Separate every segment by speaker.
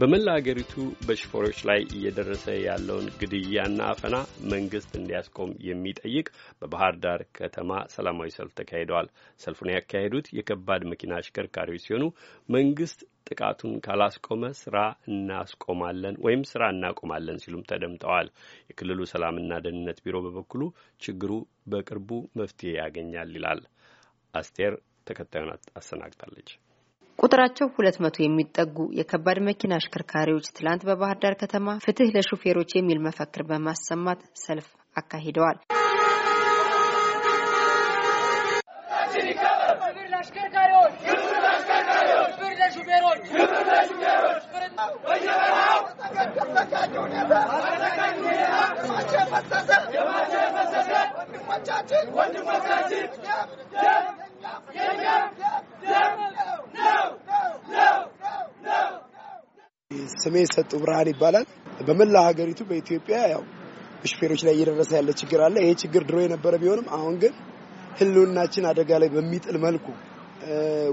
Speaker 1: በመላ አገሪቱ በሾፌሮች ላይ እየደረሰ ያለውን ግድያና አፈና መንግስት እንዲያስቆም የሚጠይቅ በባህር ዳር ከተማ ሰላማዊ ሰልፍ ተካሂደዋል። ሰልፉን ያካሄዱት የከባድ መኪና አሽከርካሪዎች ሲሆኑ መንግስት ጥቃቱን ካላስቆመ ስራ እናስቆማለን ወይም ስራ እናቆማለን ሲሉም ተደምጠዋል። የክልሉ ሰላምና ደህንነት ቢሮ በበኩሉ ችግሩ በቅርቡ መፍትሄ ያገኛል ይላል። አስቴር ተከታዩን አሰናግታለች።
Speaker 2: ቁጥራቸው ሁለት መቶ የሚጠጉ የከባድ መኪና አሽከርካሪዎች ትላንት በባህር ዳር ከተማ ፍትህ ለሹፌሮች የሚል መፈክር በማሰማት ሰልፍ አካሂደዋል። ወንድሞቻችን
Speaker 1: ስሜ ሰጡ ብርሃን ይባላል። በመላ ሀገሪቱ በኢትዮጵያ ያው በሾፌሮች ላይ እየደረሰ ያለ ችግር አለ። ይሄ ችግር ድሮ የነበረ ቢሆንም አሁን ግን ህልውናችን አደጋ ላይ በሚጥል መልኩ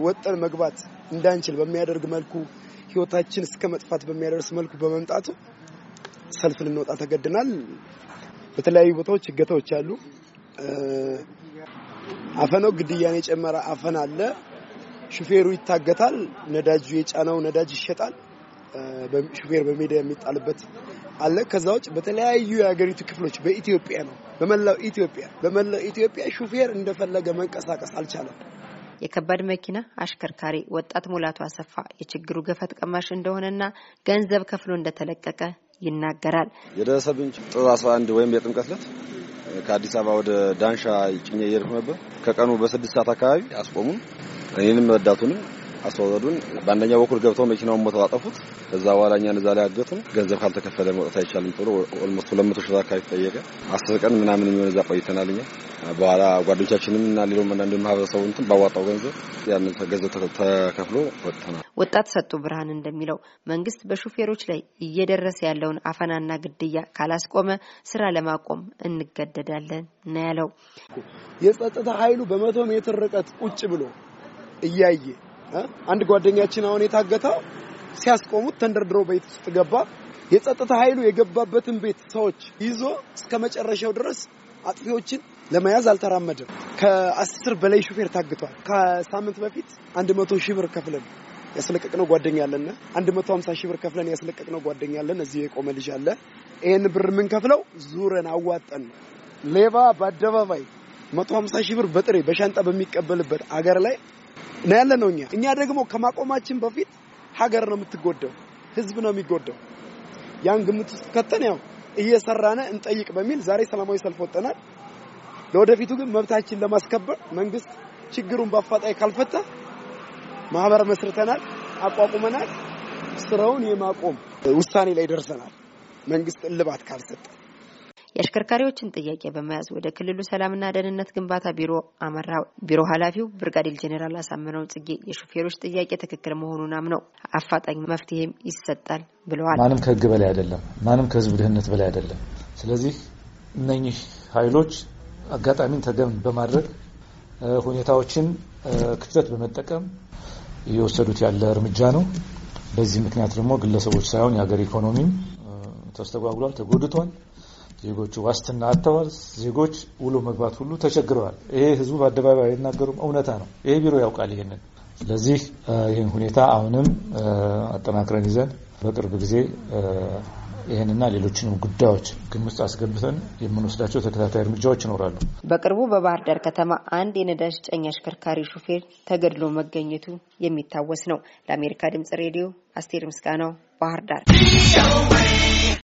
Speaker 1: ወጠን መግባት እንዳንችል በሚያደርግ መልኩ ህይወታችን እስከ መጥፋት በሚያደርስ መልኩ በመምጣቱ ሰልፍ ልንወጣ ተገድናል። በተለያዩ ቦታዎች እገታዎች አሉ። አፈናው ግድያን የጨመረ አፈና አለ። ሹፌሩ ይታገታል። ነዳጁ የጫነው ነዳጅ ይሸጣል። ሹፌር በሜዳ የሚጣልበት አለ። ከዛ ውጭ በተለያዩ የሀገሪቱ ክፍሎች በኢትዮጵያ
Speaker 2: ነው በመላው ኢትዮጵያ በመላው ኢትዮጵያ ሹፌር እንደፈለገ መንቀሳቀስ አልቻለም። የከባድ መኪና አሽከርካሪ ወጣት ሙላቱ አሰፋ የችግሩ ገፈት ቀማሽ እንደሆነና ገንዘብ ከፍሎ እንደተለቀቀ ይናገራል።
Speaker 1: የደረሰብኝ ጥር 11 ወይም የጥምቀት ዕለት ከአዲስ አበባ ወደ ዳንሻ ጭኜ እየሄድኩ ነበር። ከቀኑ በስድስት ሰዓት አካባቢ አስቆሙን። እኔንም ረዳቱንም አስወረዱን። በአንደኛው በኩል ገብተው መኪናውን ሞተው አጠፉት። ከዛ በኋላ እኛን እዛ ላይ አገቱን። ገንዘብ ካልተከፈለ መውጣት አይቻልም ብሎ ኦልሞስት ሁለት መቶ ሺህ አካባቢ ተጠየቀ። አስር ቀን ምናምን የሚሆን እዛ ቆይተናል። እኛ በኋላ ጓደኞቻችንም እና ሌሎም አንዳንድ ማህበረሰቡ እንትን ባዋጣው ገንዘብ ያን ገንዘብ ተከፍሎ ወጥተናል።
Speaker 2: ወጣት ሰጡ ብርሃን እንደሚለው መንግስት በሹፌሮች ላይ እየደረሰ ያለውን አፈናና ግድያ ካላስቆመ ስራ ለማቆም እንገደዳለን ነው ያለው።
Speaker 1: የጸጥታ ኃይሉ በመቶ ሜትር ርቀት ቁጭ ብሎ እያየ አንድ ጓደኛችን አሁን የታገተው ሲያስቆሙት ተንደርድሮ ቤት ውስጥ ገባ። የጸጥታ ኃይሉ የገባበትን ቤት ሰዎች ይዞ እስከ መጨረሻው ድረስ አጥፊዎችን ለመያዝ አልተራመደም። ከአስር በላይ ሹፌር ታግቷል። ከሳምንት በፊት አንድ መቶ ሺህ ብር ከፍለን ያስለቀቅነው ጓደኛ አለን። አንድ መቶ ሀምሳ ሺህ ብር ከፍለን ያስለቀቅነው ጓደኛ አለን። እዚህ የቆመ ልጅ አለ። ይህን ብር የምንከፍለው ዙረን አዋጠን ሌባ በአደባባይ መቶ ሀምሳ ሺህ ብር በጥሬ በሻንጣ በሚቀበልበት አገር ላይ ነው ያለ ነው። እኛ እኛ ደግሞ ከማቆማችን በፊት ሀገር ነው የምትጎደው፣ ህዝብ ነው የሚጎደው። ያን ግምት ውስጥ ከተን ያው እየሰራነ እንጠይቅ በሚል ዛሬ ሰላማዊ ሰልፍ ወጠናል። ለወደፊቱ ግን መብታችን ለማስከበር መንግስት ችግሩን በአፋጣኝ ካልፈታ ማህበር መስርተናል፣ አቋቁመናል። ስራውን የማቆም ውሳኔ ላይ ደርሰናል መንግስት እልባት ካልሰጠ
Speaker 2: የአሽከርካሪዎችን ጥያቄ በመያዝ ወደ ክልሉ ሰላምና ደህንነት ግንባታ ቢሮ አመራ። ቢሮ ኃላፊው ብርጋዴር ጄኔራል አሳምነው ጽጌ የሾፌሮች ጥያቄ ትክክል መሆኑን አምነው አፋጣኝ መፍትሄም ይሰጣል ብለዋል። ማንም ከህግ
Speaker 3: በላይ አይደለም፣ ማንም ከህዝብ ደህንነት በላይ አይደለም። ስለዚህ እነኚህ ኃይሎች አጋጣሚን ተገን በማድረግ ሁኔታዎችን ክፍተት በመጠቀም እየወሰዱት ያለ እርምጃ ነው። በዚህ ምክንያት ደግሞ ግለሰቦች ሳይሆን የሀገር ኢኮኖሚም ተስተጓጉሏል፣ ተጎድቷል። ዜጎቹ ዋስትና አጥተዋል። ዜጎች ውሎ መግባት ሁሉ ተቸግረዋል። ይሄ ህዝቡ በአደባባይ አይናገሩም፣ እውነታ ነው። ይሄ ቢሮ ያውቃል ይሄንን። ስለዚህ ይህን ሁኔታ አሁንም አጠናክረን ይዘን በቅርብ ጊዜ ይህንና ሌሎችንም ጉዳዮች ግምት ውስጥ አስገብተን የምንወስዳቸው ተከታታይ እርምጃዎች ይኖራሉ።
Speaker 2: በቅርቡ በባህር ዳር ከተማ አንድ የነዳጅ ጨኝ አሽከርካሪ ሹፌር ተገድሎ መገኘቱ የሚታወስ ነው። ለአሜሪካ ድምጽ ሬዲዮ አስቴር ምስጋናው ባህር ዳር